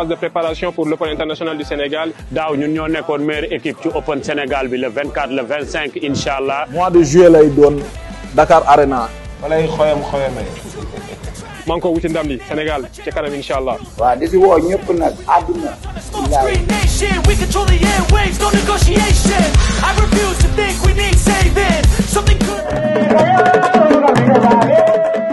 phase de préparation pour l'Open international du Sénégal daaw ñun ñoo nekkoon meilleure équipe ci Open Sénégal bi le 24 le 25 incha allah. mois de juillet lay doon Dakar Arena. walay xoyam xoyame. maa ngi ko wuti ndam li Sénégal ci kanam incha allah. waaw di si woo ñëpp nag I refuse to think we saving. Something good.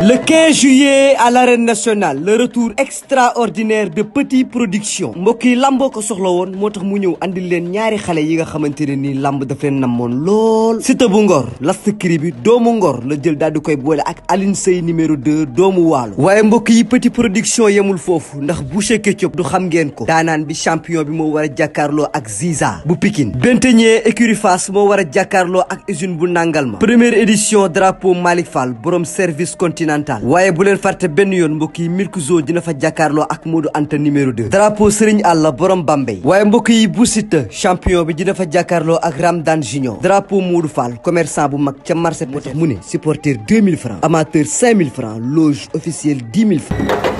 la 15 juillet à l'arène nationale le retour extraordinaire de Petit Production mbokk yi lamboo ko soxla woon moo tax mu ñëw andil leen ñaari xale yi nga xamante ne nii lamb daf leen namoon lool Siteu bu Ngor lastkri bi doomu Ngor la jël daal di koy boole ak alin Sey numéro 2 doomu waalo waaye mbokk yi Petit Production yemul foofu ndax bu Boucher Ketchup du xam ngeen ko daanaan bi champion bi moo war a jàkkaarloo ak Ziza bu Pikine Benteñe écurie Fass moo war a jàkkaarloo ak usine bu nangal ma première édition drapeau Malick Fall service continent continental waaye bu leen fàtte benn yoon mbokk yi Milkzo dina fa jàkkaarloo ak Modou Anta numéro 2 drapeau Serigne Alla borom Bambey waaye mbokk yi Bou Siteu champion bi dina fa jàkkaarloo ak Ramdan Junior drapeau Modou Fall commerçant bu mag ca marché moo tax mu ne supporter 2000 francs amateur 5000 francs loge officielle 10 000 francs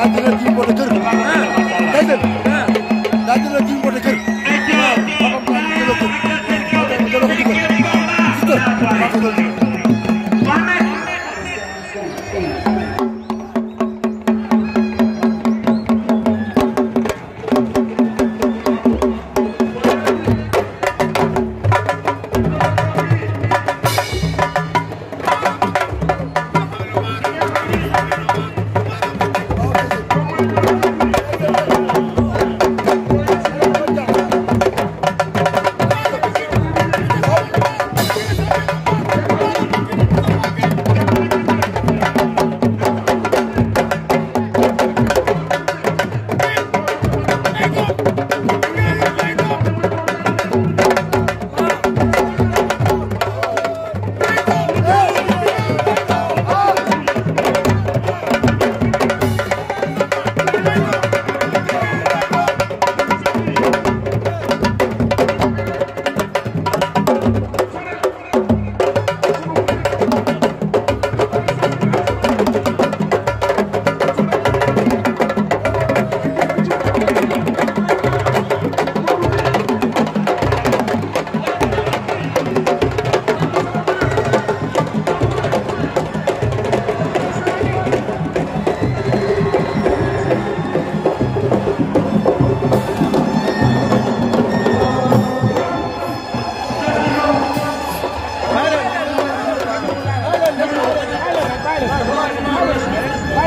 daa jëlee kii mbote kër. day dem. daa jëlee kii mbote kër. waaw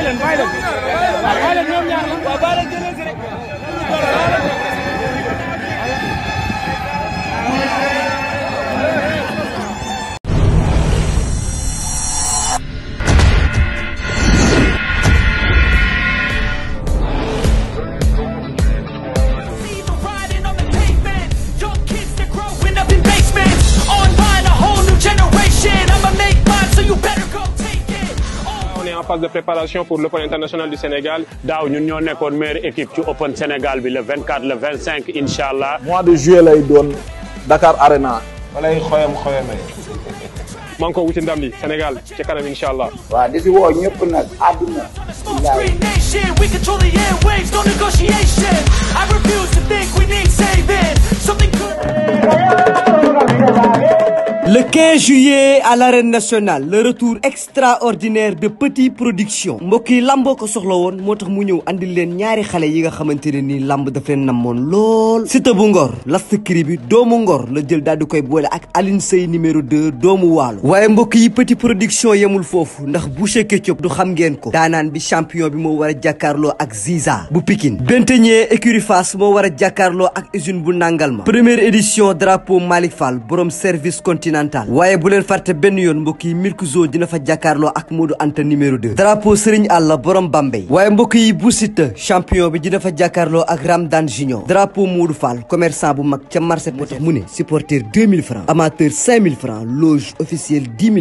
bàyyi leen bàyyi leen bàyyi leen ñoom ñaar la phase de préparation pour l'Open international du Sénégal daaw ñun ñoo nekkoon meilleure équipe ci Open Sénégal bi le 24 le 25 incha allah. mois de juillet lay doon Dakar Arena. walay xoyam xoyame. maa ngi ko wuti ndam li Sénégal ci kanam incha allah. waaw di si woo ñëpp nag àdduna. 15 juillet à l'arène nationale le retour extraordinaire de Petit Production mbokk yi lamboo ko soxla woon moo tax mu ñëw andil leen ñaari xale yi nga xamante ne nii lamb daf leen namoon lool Siteu bu Ngor lastkri bi doomu Ngor la jël daal di koy boole ak Alioune Seye numéro 2 doomu waalo waaye mbokk yi Petit Production yemul foofu ndax Boucher Ketchup du xam ngeen ko daanaan bi champion bi moo war a jàkkaarloo ak Ziza bu Pikine Benteñe écurie Fass moo war a jàkkaarloo ak usine bu Nangalma première édition drapeau Malick Fall borom service continental waaye bu leen fàtte benn yoon mbokk yi Milkzo dina fa jàkkaarloo ak Modou Anta numéro 2 drapeau Serigne Alla borom Bambey waaye mbokk yi Bou Siteu champion bi dina fa jàkkaarloo ak Ramdan Junior drapeau Modou Fall commerçant bu mag ca marché moo tax mu ne supporter 2000 francs amateur 5000 francs loge officielle 10 000